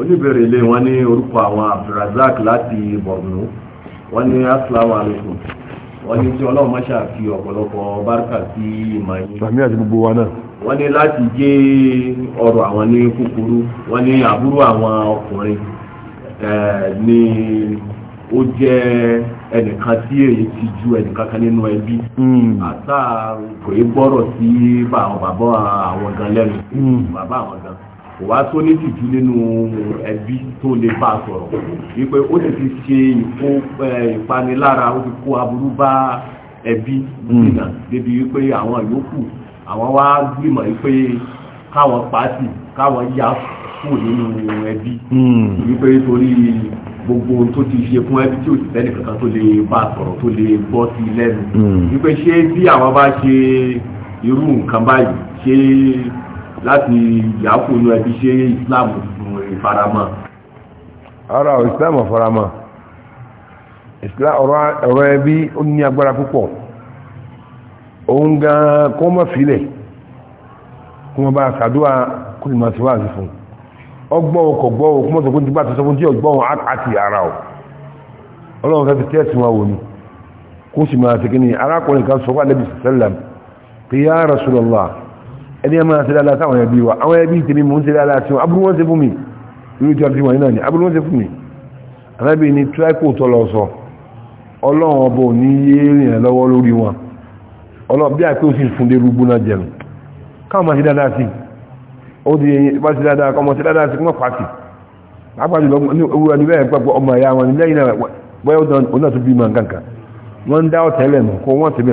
oníbèrè ilé wọn ní orúkọ àwọn abdulrasaq láti borno wọn ní asalaamu wọn ní tí ọlọ́run mọ́ṣá fi ọ̀pọ̀lọpọ̀ bárkà sí ìmọ̀ yín. sàmì àti gbogbo wa náà. wọ́n ní láti gé ọ̀rọ̀ àwọn ní kúkúrú wọ́n ní àbúrò àwọn ọkùnrin eh, ni ó jẹ́ ẹnìkan tí èyí ti ju ẹnìkan kan nínú ẹbí. Hmm. àtà kò í gbọ́rọ̀ sí bàbá àwọn gan lẹ́nu hmm. bàbá àwọn gan. kò wá tó ní tìjú nínú ẹbí tó lè bá a sọ̀rọ̀ wípé ó sì ti ṣe ìpanilára ó ti kó aburú bá ẹbí nínà hmm. débi wípé àwọn yòókù àwọn wá gbìmọ̀ wípé káwọn pàtì káwọn yá kù nínú ẹbí hmm. wípé torí gbogbo tó ti ṣe fún ẹbí tí ò sì tẹ́lẹ̀ kankan tó lè bá a sọ̀rọ̀ tó lè gbọ́ sí lẹ́nu hmm. wípé ṣé bí àwọn bá ṣe irú nǹkan báyìí ṣé láti yàáfò inú ẹbí ṣe islam ìfaramọ́. ara o islam ọ̀faramọ́ ọ̀rọ̀ ẹbí ó ní agbára púpọ̀ òun gan kó mọ́ fílẹ̀ kó mọ́ bá sàdúwà kó sì máa ti wáàzí fún ọgbọ́ ọkọ̀ gbọ́ ọkọ̀ mọ́sọ̀ kó ti bá tọ́sọ́ fún tí ọgbọ́ àti ara ọ̀ ọlọ́run fẹ́ fi tẹ́ẹ̀sì wọn wò ní kó sì máa ti kí ni arákùnrin kan sọ wà lẹ́bí sẹ́lẹ̀m pé yá Rasulullah ẹni ẹmọ ṣe dáadáa sáwọn ẹbí wa àwọn ẹbí tèmi mò ṣe dáadáa sí wọn aburú wọn ṣe fún mi irú tí wọn náà ni aburú wọn ṣe fún mi alábì ni tíráìpù tó lọ sọ ọlọ́run ọba ò ní yé rìn ẹ̀ lọ́wọ́ lórí wọn ọlọ́run bí àpé ó sì fún dé rúgbó náà jẹun káwọn máa ṣe dáadáa sí ó ti yẹn bá ṣe dáadáa ọmọ ṣe dáadáa sí wọn pàṣẹ àgbàdo ewúrẹ́ ni bẹ́ẹ̀ pẹ́pẹ́ ọmọ ẹ̀yà wọn ni lẹ́yìn náà bọ́yọ̀ ọ̀nà tó bí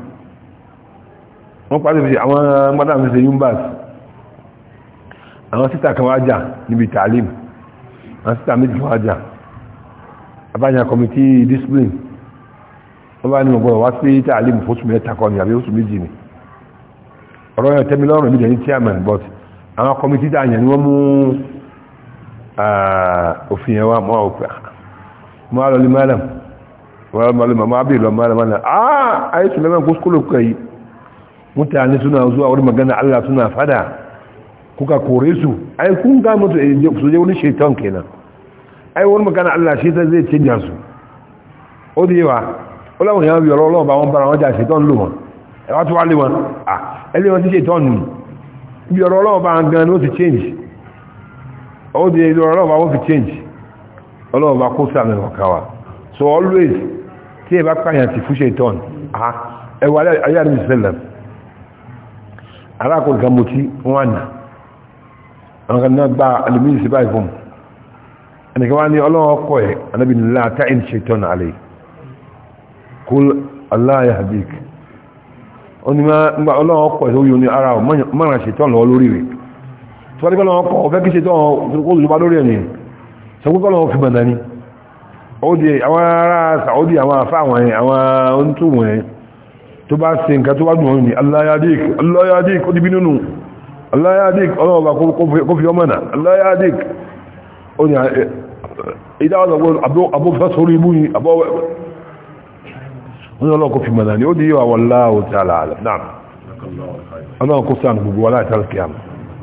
wọ́n pàdé fi àwọn mọ́dàmí ṣe yúmbàs àwọn sítà kan wá jà níbi tààlim àwọn sítà méjì wá jà abáyà kọmití discipline wọ́n bá ní ọgbọ́n wá sí tààlim fóṣù mẹ́ta kọ́ ni àbí oṣù méjì ni ọ̀rọ̀ yẹn tẹ́mi lọ́rùn mi jẹ́ chairman but àwọn kọmití dáàyàn ni wọ́n mú òfin yẹn wá mọ́ òpè mọ́ àlọ́lé mọ́lẹ̀ wọ́n mọ́lẹ̀ mọ́ àbí ìlọ mọ́lẹ̀ mọ́lẹ̀ ah ayé sùlẹ́mọ̀ kó skúlù kọ́ yìí mutane suna zuwa wani magana Allah suna fada kuka kore su ai kun ga mutu eh, su je wani shaitan kenan ai wani magana Allah shaitan zai canja su ó di wa ọlọ́run yàrá yọ̀rọ̀ bá wọn bára wọn jà ṣetán lò wọn ẹwà wọn à ẹlẹ́ wọn ti ṣetán nù yọ̀rọ̀ ọlọ́run bá gan change o da yọ̀rọ̀ ọlọ́run bá wọ́n change bá so always ẹwà ara kan mo tí wọ́n àná àwọn gba alùmíì sí báyìí fún ẹnìkan wá ní ọlọ́wọ́ kọ́ ẹ̀ anábìnilá táìn ṣetán alẹ́ kúl aláyà habik ó ní máa ọlọ́wọ́ kọ́ ẹ̀ tó yóò ní ara mọ́nà ṣetán lọ lórí rẹ̀ tí wọ́n ní kọ́lọ́wọ́ kọ́ ọ̀fẹ́ kí ṣetán ó lùbá lórí fi tó bá ṣe nǹkan tó wá dùn ọ́nà ni Allah yadik Allah yadik ó di bí nínú Allah yadik ọlọ́ọ̀bà kó fi ọmọ náà Allah yadik ó ní eh, ìdáwọ́lọ́gbọ́ abúfẹ́ sórí ibú ni abọ́wẹ́ wọ́n lọ́kọ́ fi mọ̀ náà ni ó di yíwa wallahu ta'ala